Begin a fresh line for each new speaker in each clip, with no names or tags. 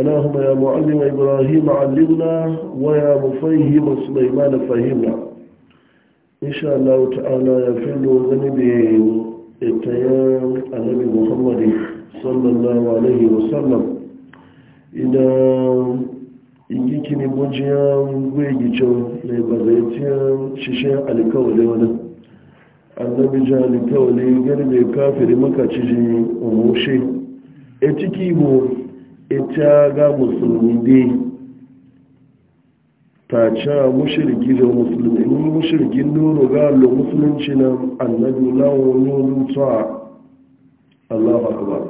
اللهم يا معلم إبراهيم علمنا ويا مفهم سليمان فهمنا إن شاء الله تعالى يفعل ذنبي اتيان النبي محمد صلى الله عليه وسلم إذا ikiki ne bujiyan gwegicin mai bazaitiyan shishen alkawale wani annabi jan alkawale garbe kafiri maka cijin umushe e ciki bu ita ga musulmi dai ta ca mushirgi da musulmi in mushirgin nuru ga allo musulunci na annabi lawon nuru ta Allah akbar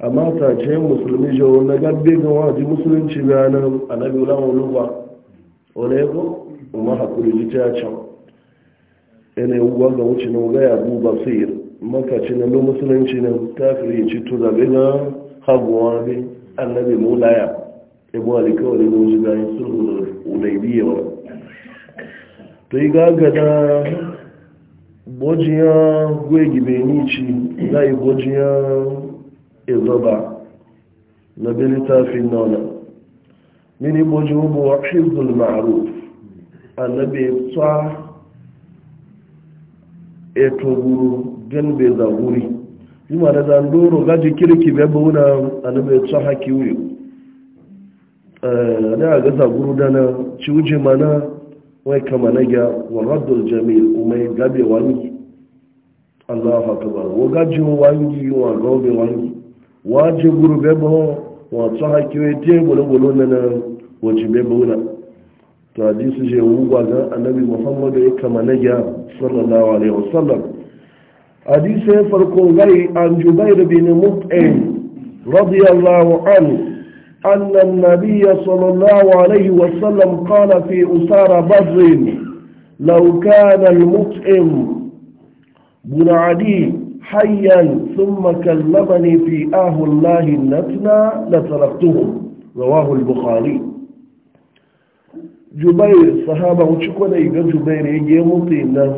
amma ta ce musulmi jawo na gabbe ga waje musulunci ga nan annabi lawon nuru wani yabo kuma hakuri ji ta can yana yiwuwa ga wuce na ga yabu basir makaci na lo musulunci na kafiri ci to na haguwa ne annabi mulaya ibu alikawari na wuce bayan sulhu da ulaibiya ba? to yi gagada gojiya gwegi nici za yi ya izaba na bilitafin nauna mini gojiya hubu wa shizul ma'aru annabi tsa eto guru gan bai zaguri E, ma da zandoro gaji kirki bai bauna anabai tsaha kiwi na ga zaguru da na ciwuje mana wai kama na wa waradul jami'il umai gabe wangi allah ba wa gaji wangi wa gaube wangi waje guru bai bauna wa tsaha kiwi te bolo na na waje bai bauna to hadisi je wugwa ga annabi muhammadu ya kama na gya sallallahu alaihi wasallam حديث فرقو غي عن جبير بن مطعم رضي الله عنه أن النبي صلى الله عليه وسلم قال في أسار بدر لو كان المطعم بن عدي حيا ثم كلمني في آه الله النتنى لتركته رواه البخاري جبير صحابة وشكونا يقول جبير يجي مطعم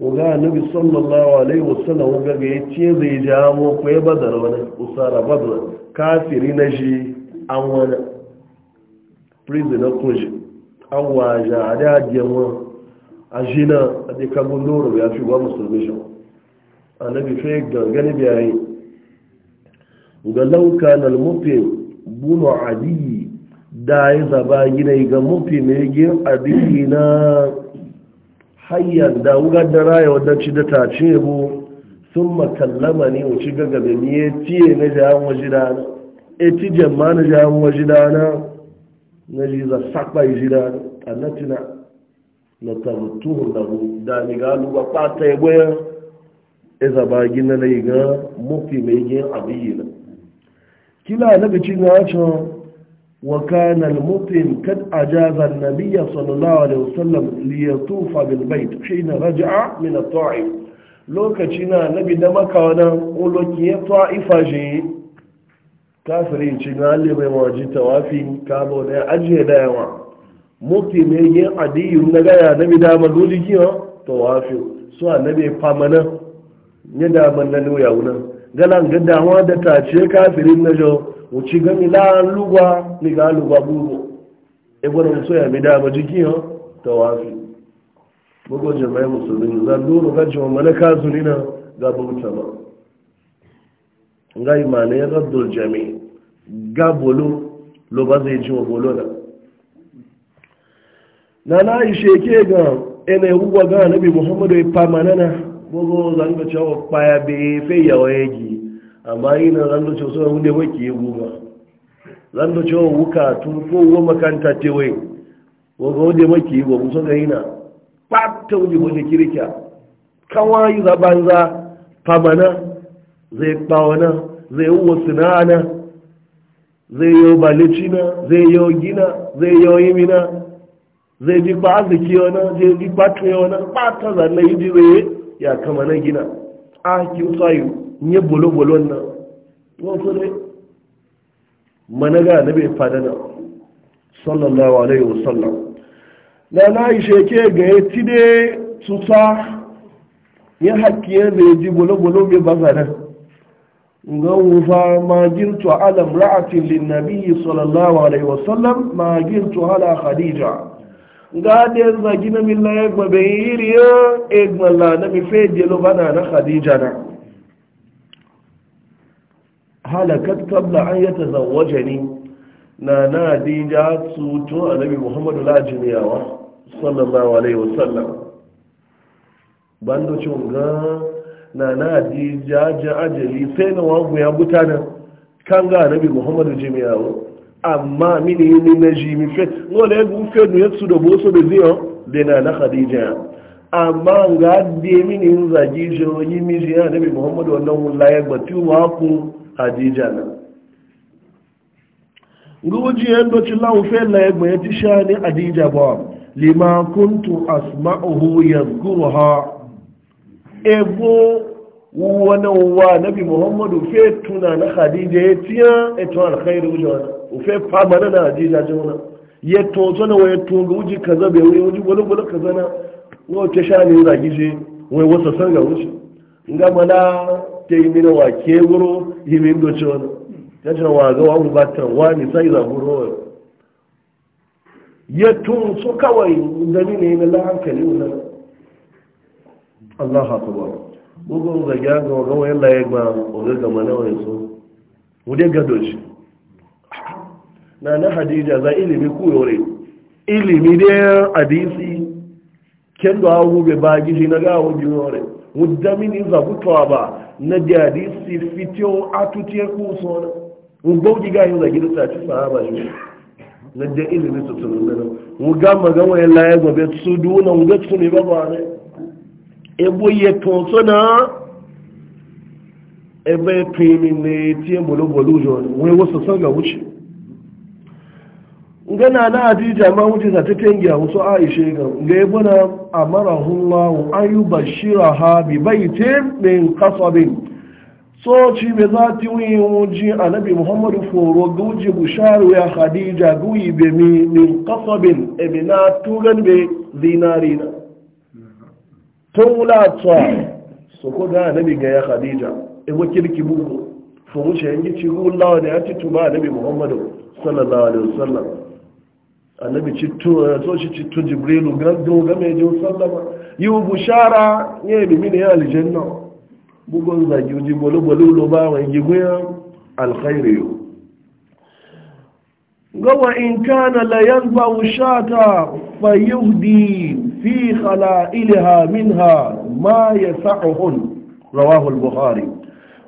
oga annabi sallallahu alaihi wasallam ga ya yace zai ja mu ko ya badar wani usara badar kafiri na shi an wani prison na kuji an a da jama'a a jina a dai kabun doro ya fi wa musulmi shi annabi fa gangane biyayi ga lauka na mufi bunu adiyi da ya zaba gina ga mufin mai gina adiyi na hayyar da wugar da raya wadanci da ta ce bu sun makallama ne wuce gagabe ni ya tiye na jawon waje dana ya ci jamma na e jawon waje dana na ji za sakpa yi ji dana a natina na tarutuhun da hu da ni ga luwa ta ya goya ya e zaba gina na yi ga mafi mai yin abu yi na kila na ci na wacin وكان المطعم قد أجاز النبي صلى الله عليه وسلم ليطوف بالبيت حين رجع من الطائف lokacin annabi da maka wannan uloki ya ta'ifa je kafiri cin halle mai waji tawafi kabo da ajiye da yawa muti ne ya adiyu na gaya nabi da maluji kiyo tawafi so annabi famana ya da manna ne ya wuna galan gaddawa da tace kafirin na jo uci gami la lugwa ni ga lugwa bubu ibn e musu ya mi da ba jiki yo tawafi bugo jama'i musulmi zan duro ga jama'a malaka zunina ga bauta ba ngai mane raddul jami ga bolo lo ba zai ji bolo na na na yi sheke ga ene ugwa ga nabi muhammadu ya pamanana bugo zan ga cewa paya be fe yawa yegi amma yi na zando cewa suna wunde wai ke goma zando cewa wuka tun ko makanta tewai, wai waga wunde maki yi goma so yi na ɓata wunde wunde kirkiya kawo yi zaban za famana zai ɓawana, zai uwa sinana zai yi balicina zai yi gina zai yi yimina zai ji ba arziki wani zai ji ba tuyo wani ɓata zanne yi ji ya kama na gina a kiwsa yi nye bolo-bolon na wasu ne managa na bai fada na sallallahu alaihi wasallam na na yi sheke ga ya ti tuta ya haƙƙi ya ji bolo-bolo bai baza nan ga wufa ma girtu ala ra'atin linnabi sallallahu alaihi wasallam ma girtu ala khadija gaadi yanzu gina min la yegba be yiri ya egba la na mi fe jelo bana na khadija na halakat kabla an yata zawaje ni na na dija su tun annabi muhammadu lajiniyawa sallallahu alaihi wasallam bandocin ga na na dija ja ajali sai na wangu ya mutanen kan ga annabi muhammadu jimiyawa amma mini yi na ji mi fe no le gu nu ya su da boso be zion de na na khadija amma ga de mini zagi jo yi mi ji annabi muhammadu wannan wula ya gbatu wa ku hadija na guji yadda ci laufin na ya ti sha ni hadija ba lima kuntu asma'uhu yazkuruha ebo wani wa nabi muhammadu fe tuna na hadija ya tiya eto alkhairu wujana ufe pamana na hadija jona ya tozo tunga wuji kaza bai wuji je wai wuce ta yi mina wa ke wuro yi min doce wani ya ce wa ga wani batan wani sai za guro ya tun su kawai gani ne na lahankali wunan Allah haka ba gugun zage ga gawa yalla ya gba ogaga mana wani so wude ga doce na na hadija za ilimi ku yore ilimi da hadisi kendo awu be ba na gawo biyo re mudamini za kutoa ba na jadi su fito a tutiyar kusa wani ugbau giga yin zagi da tafi sahaba shi na da ilimin su tunan nan wuga magana ya laye gobe su duna wuga su ne ba ne ebo ye tonso na ebe pini ne tiye bolo bolo jo ne wai wasu san ga wuce gana na adija ma wuce za ta tengiya wasu aishe ga ga yabuna amarahullahu an yi bashira ha bi baite min kasabin soci mai za ta yi wuji annabi muhammadu foro ga wuce busharu ya khadija guyi be min kasabin ebina tugan be zinari na tun wulatsa su ko ga annabi ga ya hadija ewa kirki bugu fa wuce yanki ci gulawa da ya ci tuma annabi muhammadu sallallahu alaihi wasallam annabi citto so shi citto jibrilu gangan game jin sallama yi bushara ya yi mini ya aljanna bugun zagi uji bolo lo ba wa yi guya alkhairu yo gawa in kana la yanfa ushata fayuhdi fi khala'ilha minha ma yasahun rawahu al-bukhari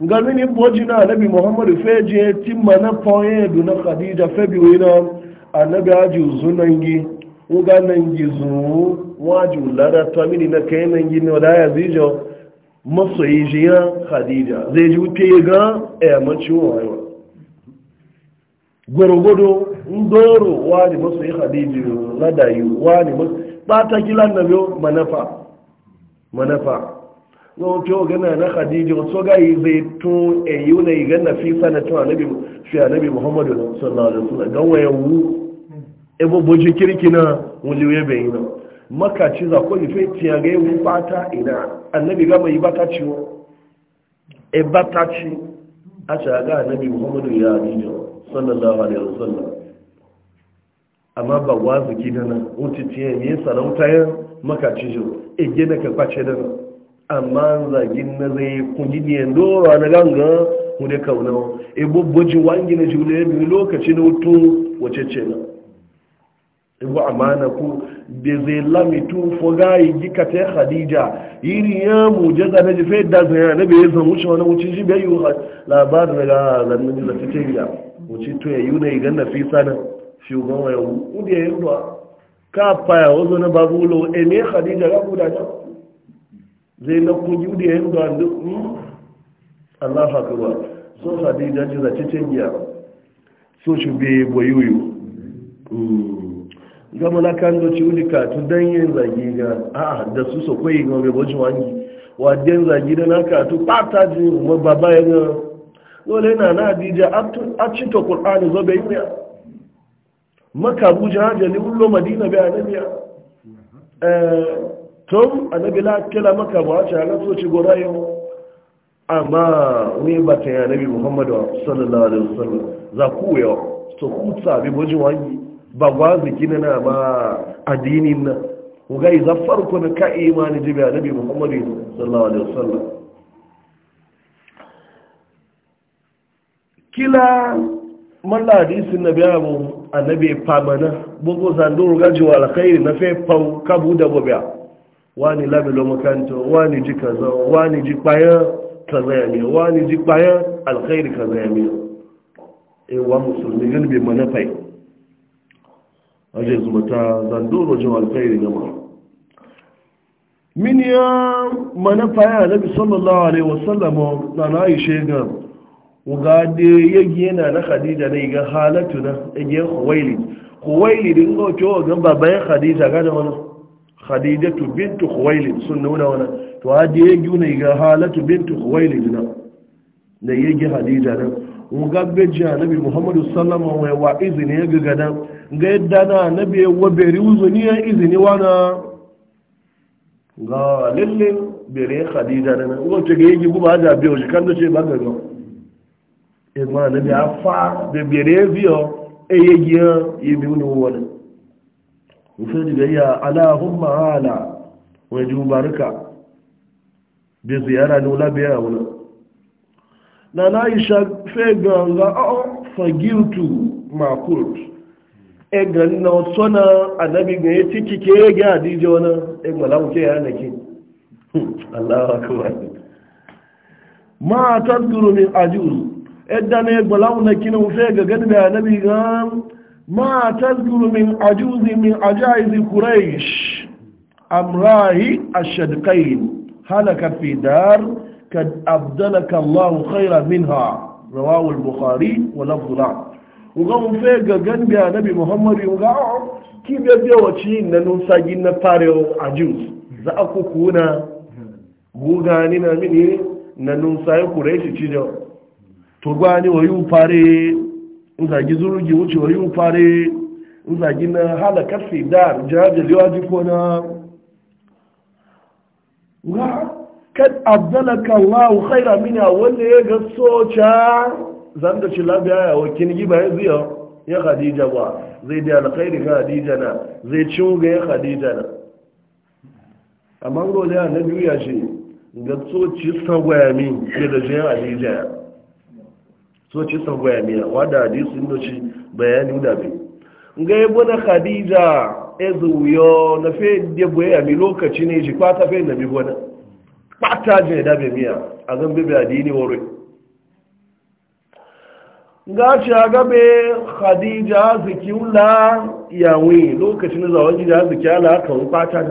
gamini bojina nabi muhammadu feje timma na foye na khadija febi wina annabi haji zunangi uga nangi zuu waji ulara amini na kai nangi ne da zijo maso masoyi ya khadija zai ji wuce ga eh manci wayo gorogodo ndoro wani masoyi khadija ladayu wani bata kila annabi manafa manafa no to gana na khadija so ga yi zai tun e wuna yi gana fi sanatu a fi annabi muhammadu sallallahu alaihi wasallam ga wayawu ebo boji kirki na wuliwe bai yi na makaci za ko ife tiya ga yi bata ina annabi gama yi bata ciwo e bata ci a shaga annabi muhammadu ya adijo sallallahu alaihi wasallam amma ba wazu gida na wuce tiya ne sarauta ya makaci jo e gina ka bace da amma zagin na zai kungi ne dora na ganga mu da kauna e bobbojin wangi na jule biyu lokaci na wuto wace ce na ibu amana ku da zai lamitu fogayi gika ta khadija yiri ya mujaza na jife da zai na bai zan wuce wani wuce shi bai yi labarin daga zannin jiza ta ce gida wuce to ya yi na idan na fi sana shugaban wa yau kudu ya yi ruwa ka faya wazo na babu ulo e ne khadija ga kuda ta zai na kuji kudu ya yi ruwa duk hmm? allah haka ba so khadija jiza ta ce gida so shi bai boyoyo gama na kan doci wulika tu dan yin zagi ga a da su so koyi ga mai bojin wangi wa den zagi da naka tu pata ji mu baba ya ga dole na na dija atu a ci to qur'ani zo bai ya maka buja haje ni ullo madina bai annabi ya eh tom annabi la kala maka ba ta na so ci gorayo amma ne ba ta annabi muhammadu sallallahu alaihi wasallam za ku yo so kutsa bi bojin wangi ba gwazi kina na ba addinin na kuga za farko na ka imani jibi a nabi muhammadu sallallahu alaihi wasallam kila malla hadisin nabi abu nabi pamana bugu zanduru gaji wa alkhairi na fe fau kabu da gobe wani labilo makanto wani ji kaza wani ji kwaya kaza ya miyo wani ji kwaya alkhairi kaza ya miyo ewa musulmi gani bai manafai aje zuba ta zandoro jin alkhairi gama min ya manafa ya nabi sallallahu alaihi wasallam na na aisha ga uga de yagi yana na khadija ne ga halatu na yagi khuwailid khuwailid ngo to ga baban khadija ga da wani khadijatu bintu khuwailid sunna wala wala to hadi yagi ne ga halatu bintu khuwailid na da yagi khadija na ngagbe ji anabi muhammadu sallama wai wa izini ya ga gadan ga yadda na anabi wa beri uzo ni ya izini wana ga lalle bere khadija na ko ce ga yi guba da biyo shi kan da ce ba ga ga e ma anabi afa da bere biyo e yi ya yi bi ni wona ufe diga ya alahumma ala wa jubarka bi ziyara wula biya wala na na isha fe ganga a ah, ah, fagiltu makult e gan na tsona adabi ga ya tiki ke ga hadija wani e eh, malamu ke ya ki hmm, Allahu akbar ma tadkuru min ajuz edda ne malamu na kina fe ga gani da adabi ga ma tadkuru min ajuz min ajaiz quraish amrahi ashadqain halaka fi dar kad abdalaka Allah khaira minha rawahu al buhari wa lafzu la uga mun fe ga ganga nabi muhammad uga ki be be wace na nun na fare a jews za ku kuna mini na wayu fare zagi zurugi wuce wayu fare zagi na halakar sidar jajal yaji ko kad abdalaka Allah khaira mina wanda ya ga socha zan da shi labiya ya wakin giba ya ziyo ya Khadija ba zai da alkhairi ga Khadija na zai cinga ya Khadija na amma go da na duya shi ga soci sagwaya min ke da jiya Khadija soci sagwaya min wanda hadisi ne shi bayani da bi ga yabo na Khadija yo na fe de boya mi lokaci ne shi kwata fe na bi gona pata jin da bai miya a zan bebe adini wuri gashi a gabe khadija ziki la yawi lokacin zawon ziki ala kan ɓata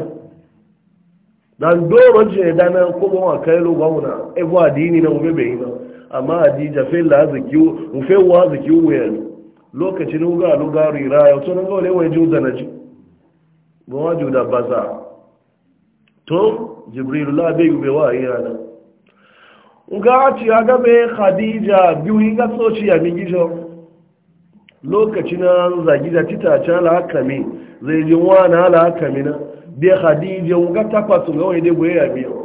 da dan da na kuma wa kai lo ba muna e bo adini na ube bai na amma adija fe la ziki u fe wa ziki u ya lokacin ya to nan ga wai juda na ji juda to jibril la bai gube wa yana Nga ci ya gabe khadija biyu ga soci ya min gijo lokaci na zagi da tita ta alhakami zai ji wani alhakami na bai khadija ga takwasu ga wani dai ya biyu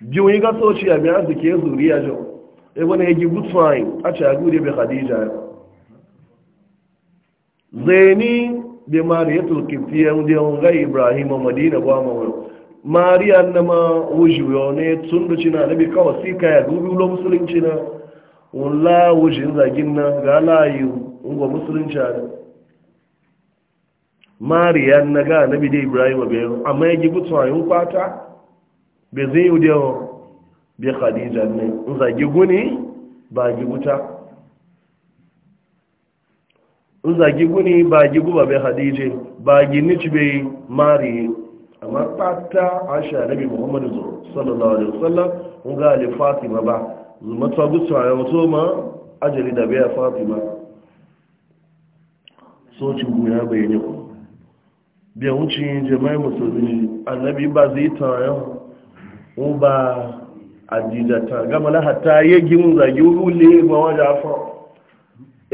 biyu ga soci ya min arziki ya zuriya jo e wani ya good fine a ci ya gude bai khadija zaini bai mariyatul kifiyar da ga ibrahim a madina ba mawai mariya na ma wujuyo ne tun da cina na si ka ya gubi ulo musulunci na wula wujin zagin na ga layu ungwa musulunci a mariya na ga na bi bide ibrahim abiyu amma ya gibi tsohon kwata bai zai yi wudewa bai khadija ne zagi guni ba in zagi guni ba gibu ba bai hadije ba ci bai Mariya. amma fata aisha nabi muhammad sallallahu alaihi wasallam mun ga ali fatima ba zuma ta gutsu ya wato ma ajali da biya fatima so ci guya bayani ko biya wuce jama'i musulmi annabi ba zai tayo ko ba ta gama la hatta yegi mun zagi wule ba waja fa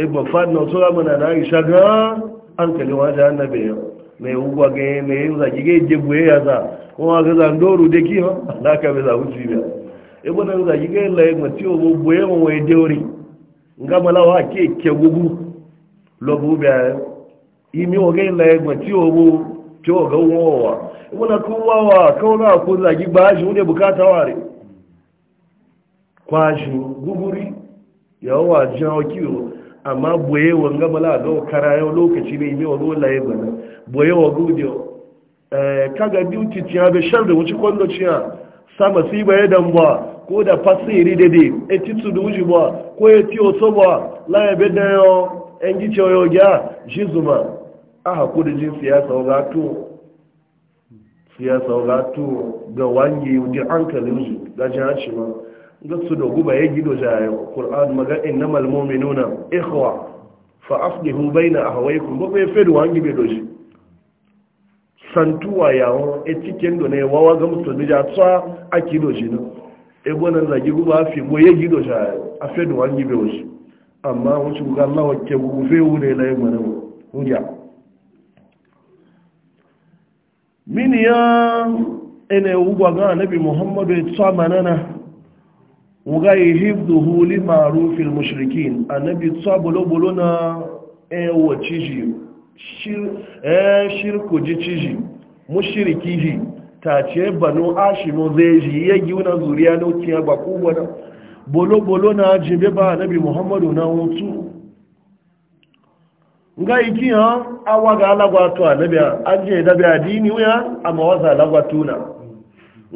ibn fadna so ga mana na aisha ga an kalli waja annabi mai ugwa ga mai yin zaki ga je buye ya sa kuma ga zan doru da kiyo da ka be za wuci ba e bona zaki ga la yin mati o buye mo wai deori nga mala wa ke ke gugu lo bu ba imi o ga la yin mati o bu ti o ga wo wa e bona ko wa wa ko na ko zaki ba shi ne bukata ware kwashi guguri yawa jan kiyo amma boye wanga mala ga kara yau lokaci ne mai wani ya bana boye wa gudiyo eh, kaga duty tiya be shar da wuci kwando ciya sama si ba ya dan ba ko da fasiri dede e titu da wuji ba ko ya tiyo so ba la ya be da yo en gi yo ga jizuma aha ko da jin siyasa ga to siyasa ga to ga wangi di ankali wuji ga jin ma gasu da guba ya gido jaye ƙur'an maga inna malmomi nuna ikhwa fa aslihu baina ahawaykum ba bai fedu wangi bai doshi santuwa yawon e cikin do ne wawa ga musulmi ja tsa a kido shi na e gona zagi guba fi bo ya gido jaye a fedu wangi bai doshi amma wasu ga Allah wacce gufe wure na yi mana hujja min ya ene ugwa ga annabi muhammadu ya tsa manana ngai hibduhu li ma'rufil mushrikin annabi tsabolo na e waciji shir eh shirku jiciji mushrikiji tace banu ashimo zeji ya giuna zuriya lokiya ba kubona bolo bolo na jibe ba annabi muhammadu na wutu ngai kiya awaga alagwatu annabi anje da bi adini uya amma waza alagwatuna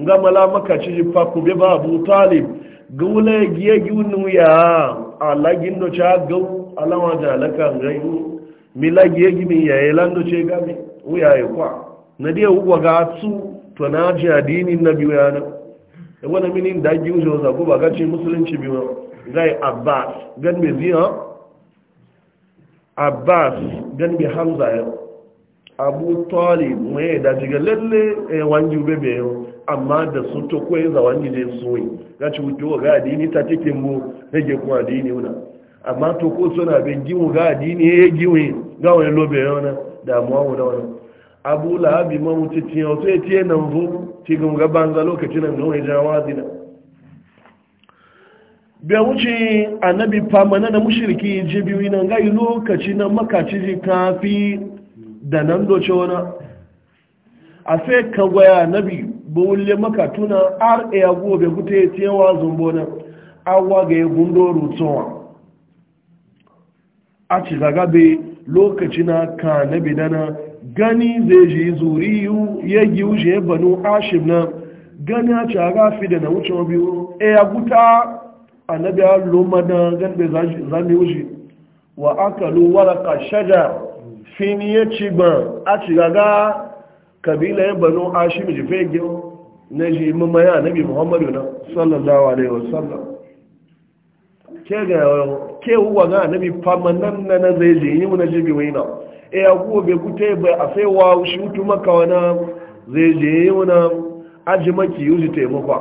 ngamala maka ciji fa kube ba abu talib gula giye giunu ya ala gindo cha gau ala waja laka ngai mila giye gimi ya elando che gami uya ya kwa na dia uwa ga su to na ji adini nabi ya na e na mini da giujo za ko baga ce musulunci bi ma gai abbas gan me ziya abbas gan me hamza ya abu talib mai da jiga lalle e wanju bebe yo amma da su to koyi za wani ne soyi ya ci wuce ga adini ta cikin mu na kuma adini wuna amma to ko suna bin gimu ga adini ya yi giwi ga wani lobe ya wani damuwa wuna wani abu laabi ma mutu tiye wato sai tiye nan zo ci gan ga banza lokacin nan gawai wazi zina bai wuce annabi famana da mushirki je biyu nan ga yi lokaci na makaci ji kafi da nan doce wani a sai ka gwaya nabi bawulle maka tuna ar ya gobe kuta ya cewa na awa ga ya gundo rutsuwa a ci zagabe lokaci na ka na bidana gani zai ji zuri ya gi wuce banu ashim na gani a ci aga fi da na wuce biyu e ya guta a na biya loma na gani bai zami wuce wa aka lu waraka shaja fin ya ci ban a ci gaga kabila ya banu ashim ji fegin na shi mamma ya nabi muhammadu na sallallahu alaihi wasallam ke ga ke huwa ga nabi famanan na na zai je yi na jibi waina e ya kuwa bai kute bai a sai wa shi hutu maka wani zai je yi na aji maki yuzi taimakwa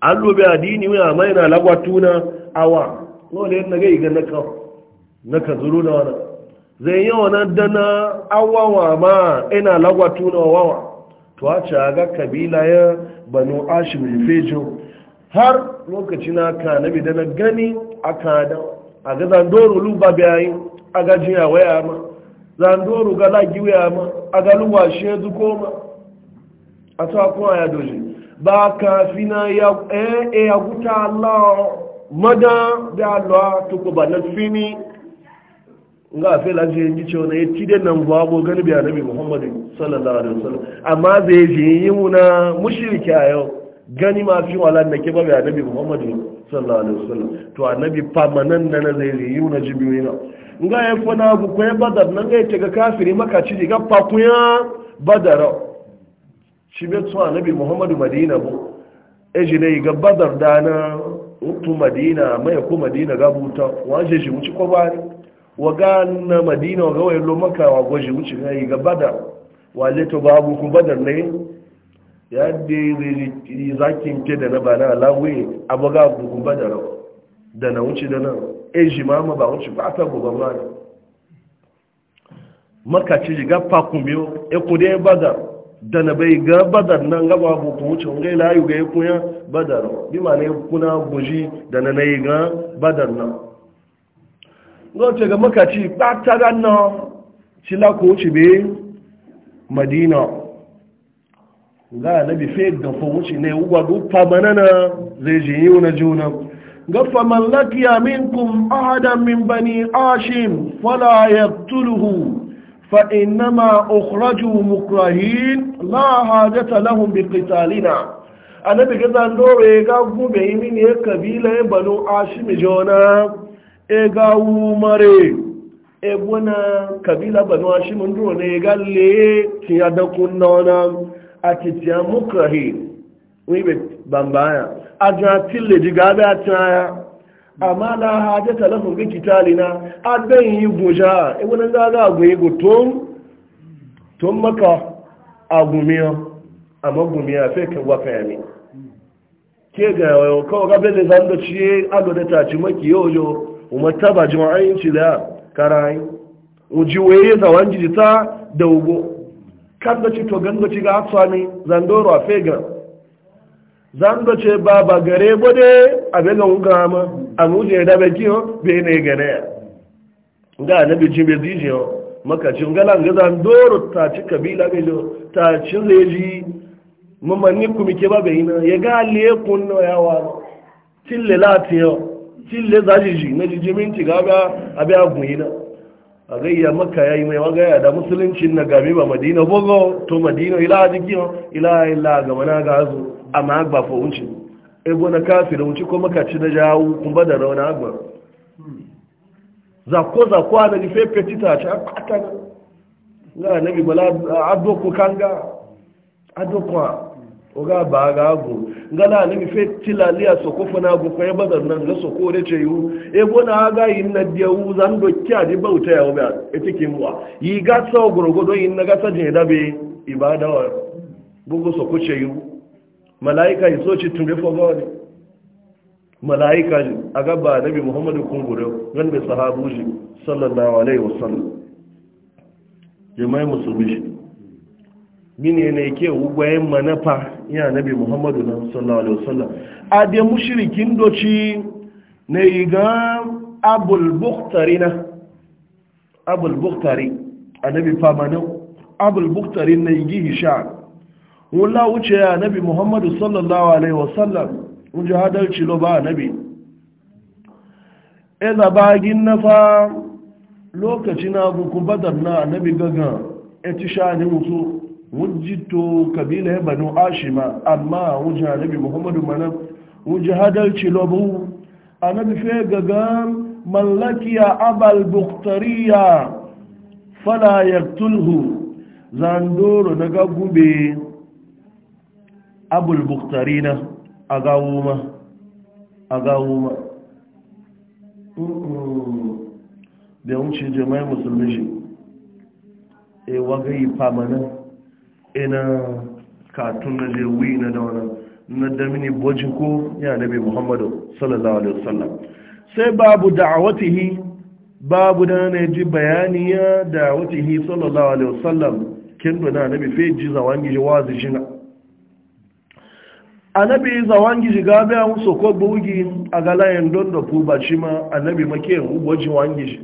an lobe adini wani mai na lagwatuna awa wani yadda ga iga naka naka zuru na wani zai yi wani dana awawa ma ina lagwatuna wawa tuwace ga kabila ya banu ashim fejo har lokaci na ka na da na gani a da a ga zandoro luba bayayin a ga jiya waya ma zandoro ga lagi waya ma a ga luwa shi ya zuko ma a ta kuma ya doji ba ka fi ya eh, eh ya guta Allah madan da Allah tuku na fini nga a fela je yin gicewa na ya tide nan ko gani biya nabi muhammadu sallallahu alaihi wasallam amma zai je yi muna mushriki a yau gani ma fi wala na ke ba biya nabi muhammadu sallallahu alaihi wasallam to annabi famanan nan zai je yi muna jibiyoyi na nga ya fana ku ko ya badar nan ga ya ga kafiri maka ci ga fakuya badar shi be tso annabi muhammadu madina bu e ne ga badar dana utu madina mai ko madina gabuta waje shi mu ci ko bari waga na madina waga wai lo maka wa gwaji wuce na yi ga badar wale to babu ku badar ne ya yi zakin ke da na ba na alawi abaga ku badar da na wuce da nan e ma ba wuce ba ta gobe ma ne maka ci ga fakun biyo e ku dai badar da na bai ga badar nan ga abu kun wuce ngai layu ga ya kunya badar bi ma ne kuna gwaji da na na yi ga badar nan zoce ga makaci ɓata ganna cila ko ci be madina ga na bi fe gafa wuce ne ugwa guffa manana zai ji yi wani juna gafa mallakiya minkum ahadan min bani ashim fala yaqtuluhu fa innama ukhraju mukrahin la hajata lahum bi qitalina annabi ga zan dore ga gube yi mini kabila banu ashim jona e wumare mare e bona kabila banu hashim nduro ne ga le ki ada kunna wana atitiya mukrahi wibe bambaya aja tille diga ba taya amma la hajata lahum bi kitalina adan yi guja e bona ga ga go yi gotum tun maka agumiyo amma gumiya fe kan wafa yami ke ga kawai ga bele zan da ciye ado da taci maki yoyo umartaba jima'ayin ci da karayi uji waye za wani jita da ugo kan da ci to ganga ci ga hatsuwa ne zandoro a fegar zanga ce ba ba gare bude abin da wuga ma a muje da baki yo be ne gare ya ga na bi cin be dije yo maka cin ga ga zandoro ta ci kabila be lo ta ci leji mamani kuma ke ba bai ina ya ga le no yawa tille lati yo cille za ji na jijimin ci gaga abin agunyi na a gayya maka ya yi mai wagaya da musuluncin na gabi ba madina bogo to madina ila a jikin ila ila ga mana ga azu amma agba fa unci ebo na kafi da unci ko maka ci na jawo kun ba da rauna agba zako zako a nagi fe petita a ci a kwata na nabi bala adoko kanga adoko oga ba ga agu ngala ni mi fe tilali a soko fana agu ko e bazar nan ga soko da ce yu e bona ga yin na de u zan do kya di bauta ya oba e tike muwa yi ga go do yin na ga sa je da be ibada wa bugo soko ce yu malaika yi so chi tun be fogo ni malaika aga ba nabi muhammadu kungure gan be sahabu shi sallallahu alaihi wasallam jama'i musulmi mine ne ke ugwayen manafa ya nabi muhammadu na sallallahu alaihi wasallam a da mushrikin doci na yi ga abul buktari na a nabi famanin abul buktari na yi gihi sha wula wuce ya nabi muhammadu sallallahu alaihi wasallam wunji hadarci lo ba a nabi e zabagin nafa lokaci na gukun badar na nabi gaga ya e ti sha ne mutu wujito kabila ya banu ashima amma wujin annabi muhammadu mana wujin hadalci lobu annabi fe gaga mallakiya abal buktariya fala tulhu zandoro daga gube abul buktarina a gawuma a gawuma da wuce jama'i musulmi shi e eh, wagayi famanin ina katun na je na da wani na damini bojin ko ya nabi muhammadu sallallahu alaihi wasallam sai babu da'awatihi babu da na ji bayani ya da'awatihi sallallahu alaihi wasallam kin na nabi fe ji zawangi ji wazi shi na anabi zawangi ji gabe an so ko bugi a galayen don da ku ba shi ma annabi make bojin wangi shi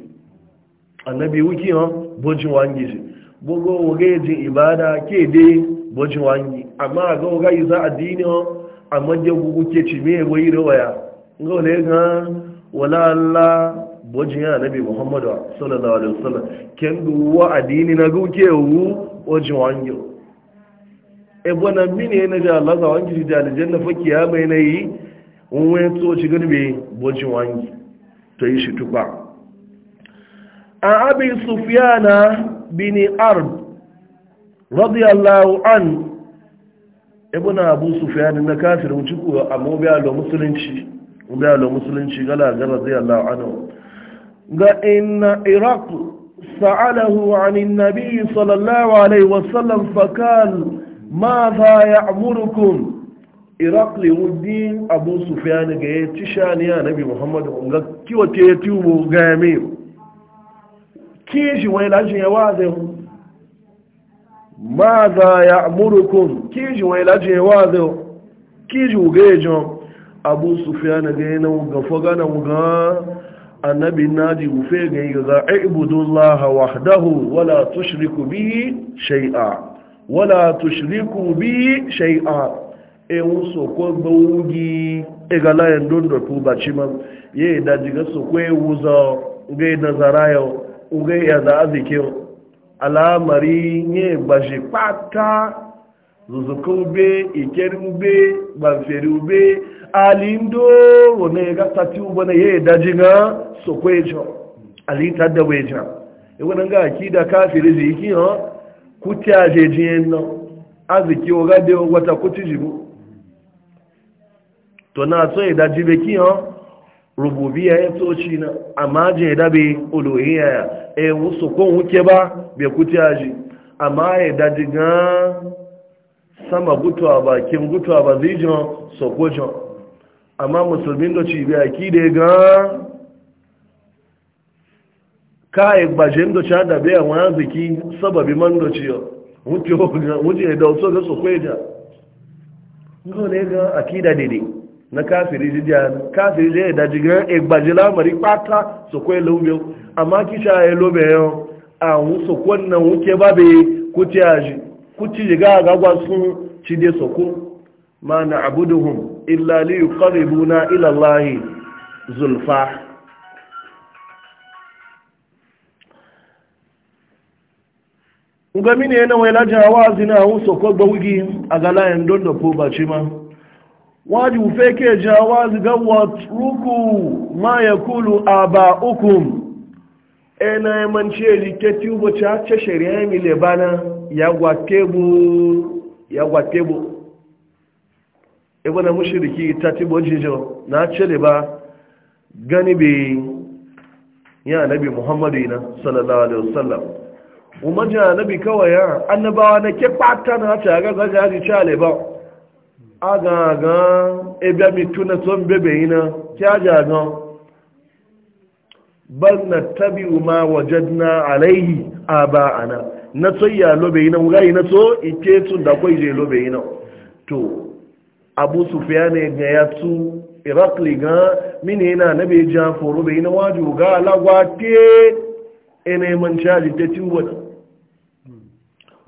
annabi wuki ha bojin wangi gbogbo oge ji ibada ke de bojin wangi amma ga oga yi za addini o amma je gugu ke ci me bo yi rawaya ga ole ga wala alla bojin ya nabi muhammad sallallahu alaihi wasallam ken du wa adini na gu ke wu ojin wangi e bona mine na ja Allah za wangi da aljanna fa kiyama ne yi unwe to ci gani be bojin wangi to yi shi tuba a abi sufyana bin arb radiyallahu an ibn abu sufyan na kafir mu ciku amma bi alo musulunci bi alo musulunci gala ga radiyallahu anhu ga inna iraq sa'alahu an an-nabi sallallahu alaihi wasallam fakal ماذا يأمركم irakli wuddin abu sufyan ga ya ci shaniya nabi muhammad ga kiwace ya kishi wani lajin ya waze ma za ya amurukun kishi wani lajin ya waze kishi wuge jon abu sufiya na gani na gafa na wuga annabi na ji wufe ga ibudullaha wahdahu wala tushriku bi shai'a. wala tushriku bi shai'a. e wuso ko bawugi e ga layan dondo tuba ciman ye da jiga su kwe wuzo ga nazarayo uge ya da zikin alamari nye gbashi pata zuzuka ube ikeri ube gbanfere ube ali ndoro na ya gata ugbo na ya daji na sokwejo ali ta daweja iwon e ga da kafiri ji iki ha kuti aje jiye no aziki oga de wata kuti jibu to na aso ya daji be ki ha rububiya ya toci na amma je da be uluhiyya ya e wusu kon wuke ba be kutiyaji amma ya da diga sama gutuwa bakin kin gutuwa ba zijon sokojon amma musulmin da ci biya ki da ga kai gbajen da cha da be wa ziki sababi man da ci wuce wuce da so ga sokoja ne ga akida dede na kafiri ji diya kafiri ji da jigan egbaji lamari pata so kwe lobe amma kisha ya e lobe yau a wuso kwannan wuke babe kuti aji kuti jiga ga soko ma na abuduhum illa li yuqarribuna ila allahi zulfa na wela jawazina waji ufeke jawazi ga watruku ma yakulu aba'ukum ena emanche liketi ubo cha cha sheria mile bana ya gwakebu ya gwakebu ebo na mushriki tatibo jijo na chele ba gani be ya nabi muhammadu ina sallallahu alaihi wasallam umaja nabi kawai ya annabawa na ke patana ta ga gaji chale ba a ga-aga ebe mitu na son bebe na a jagan ban na tabi ma wajadna alaihi a ana na ya lobe ina na wugayi na tso ike tun da kwai je lobe ina to abu sufiya ne ga ya tsu irakli ga mini yana na bai jan foro ina waju ga alagwa te ene man caji ta ciwo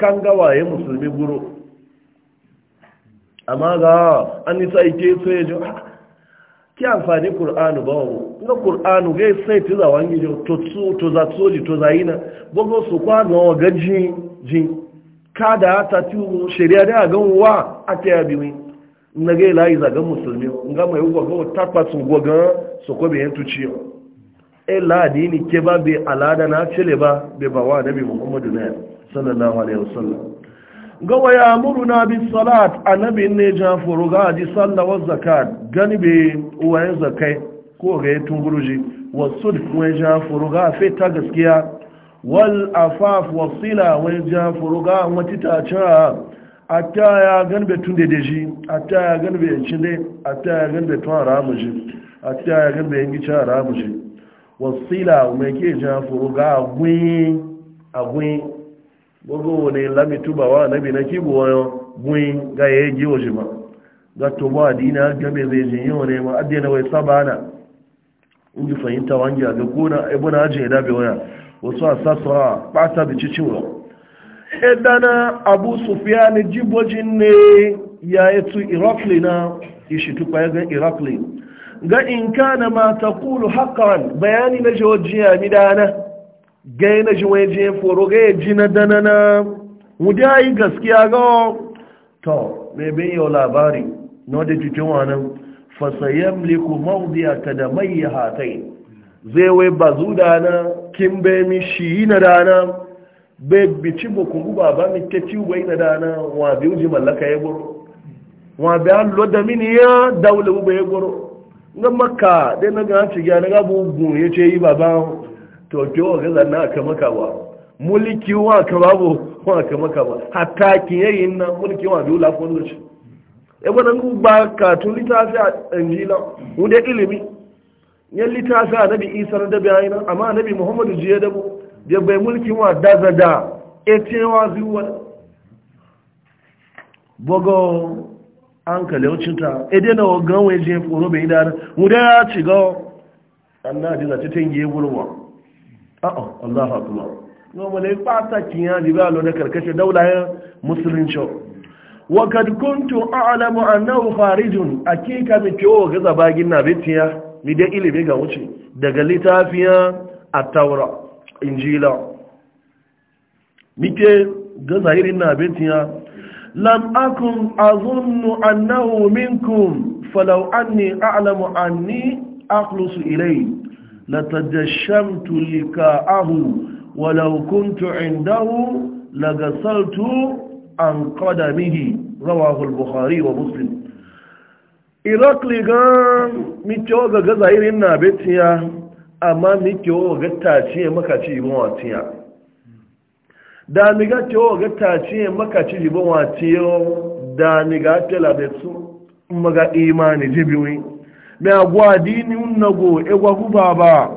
kan gawaye musulmi guro amma ga an nisa ike so ya ji ki amfani ƙur'anu ba wani na ƙur'anu gai sai ti zawon gijo to za soji to za yi na gbogbo su kwaga wa gaji jin kada ta tiwo shari'a da gan wa a ta yabi mi na gai layi zagan musulmi nga mai gwagwa takwa sun gwagwa su kwabe yin tuci e ladi ni ke ba bai alada na cile ba bai bawa nabi muhammadu na yau sallallahu alaihi wasallam gawa ya muruna bi salat annabi ne jafuru ga ji sallah wa zakat gani be uwaye zakai ko ga tunguruji wa sudq wa jafuru ga fe ta gaskiya wal afaf wa sila wa jafuru ga matita cha atta ya gani ganbe tunde deji atta ya gani ganbe cinde atta ya gani ganbe tun a atta ya gani ganbe yangi cha haramuji wa sila wa ke jafuru ga a gwi gbogbo wo ne lami tuba wa nabi na kibu wayo buin ga ya yi oji ma ga to ba dina gabe zai jin yau ne ma adina wai sabana in ji fahimta wangi a ga kona ibuna ajin da bi waya wasu a sasara bata bi cikin wa edana abu sufyan jibojin ne ya yi tu irakli na ishi tupa ya ga irakli ga in kana ma taqulu haqqan bayani na jawajiya midana gai na ji wani jin foro yi ji na danana wudi a yi gaskiya ga to mai bin yau labari na da jikin wani fasayen liku maudiya ta da mai hatai zai wai bazu dana kin bai mi shi yi na dana bai bici ba ba ba mi kaci wai na dana wa biyu ji mallaka ya goro wa biya lo da mini ya daula ba ya goro Nga maka dai na ga ci gya na gabu gun ya ce yi baba to kewa ga zanna aka maka ba mulki wa ka babu wa ka maka ba hatta kiyayin na mulki wa biyu lafiyar da shi e wannan ba ka tun littafi a injila mu da ilimi ya littafi a nabi isa na dabi aina amma nabi muhammadu jiya da mu da bai mulki wa daza da etewa zuwa bogo an kale ucinta ede na ogan waje foro bai da mu da ya ci ga annabi za ta tangiye gurwa a'a Allahu akbar no malai ba kiyan riba lo na karkashin daula ya musulunci wa kad kuntu a'lamu annahu farijun akika mi to ga zabagin na bitiya ni dai ilimi ga wuce daga litafiya at-taura injila mike ga zahirin na bitiya lam akun azunnu annahu minkum falau anni a'lamu anni aqlusu ilayhi لتجشمت لكاءه ولو كنت عنده لغسلت عن قدمه رواه البخاري ومسلم irakli gan mito ga ga zahirin na betiya amma mito ga tace makaci ibon watiya da mi ga to ga tace makaci ibon watiyo da ga tela maga imani jibiwi mai agwa dini unnago egwa guba ba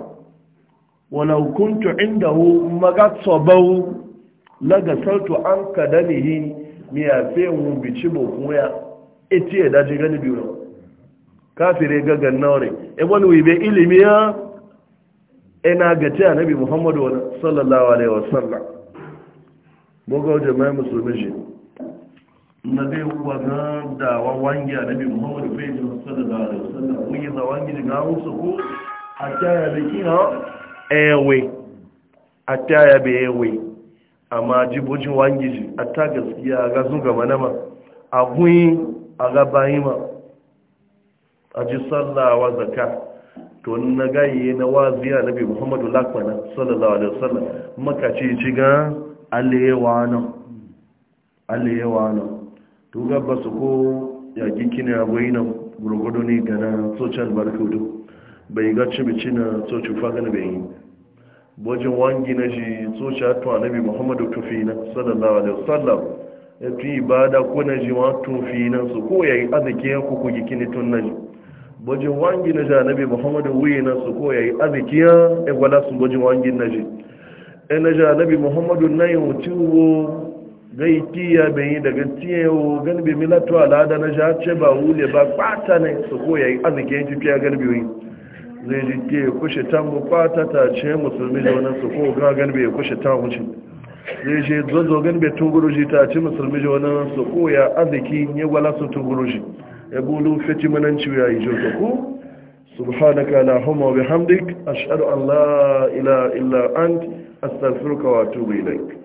walau kuntu indahu magatsobau lagasaltu an kadamihin miyafe mu bici bo kuma ya eti ya daji gani biyu na kafire gagan naure ebon wibe ilimi ya ina gaci nabi muhammadu sallallahu alaihi wasallam bugawa jama'a musulmi shi na zai kuwa ga da wangi a nabi muhammadu fejin da alaihi wasallam kun yi za wangi daga hausa ko a taya da kina ewe a taya da ewe amma jibojin wangi ji a ta gaskiya ga zuga manama a gunyi a ga bayi ma a ji sallawa zaka to na gaye na waziya nabi muhammadu lakwana sallallahu alaihi wasallam makaci ci ga alewa na. alewa na. to gaba su ko yaƙi kini abuwa na gurgudu ne gana social barcode bai ga cibici na social ne bai yi bojin wangi na shi social to annabi muhammadu tufi na sallallahu alaihi wasallam ya fi ibada ko na ji wa tufi na su ko ya yi arziki ya kuku gikini tun na ji bojin wangi na shi annabi muhammadu wuyi na su ko ya yi arziki ya gwada su bojin wangi na shi ɗan na shi annabi muhammadu na yi mutuwo gai tiya bai yi daga tiyawo ganibe milatu alada na sha ce ba wule ba kwata ne su koya yi arziki yanki fiye ganibe wani zai ji ke kushe tamu kwata ta ce musulmi da wani su ko ga ganibe ya kushe tamu ci zai je zozo ganibe tunguruji ta ce musulmi da wani su koya arziki ya wala su tunguruji ya bulu fiti mananci ya yi jirka ku subhanaka allahumma wa bihamdik ashhadu an la ilaha illa ant astaghfiruka wa atubu ilaik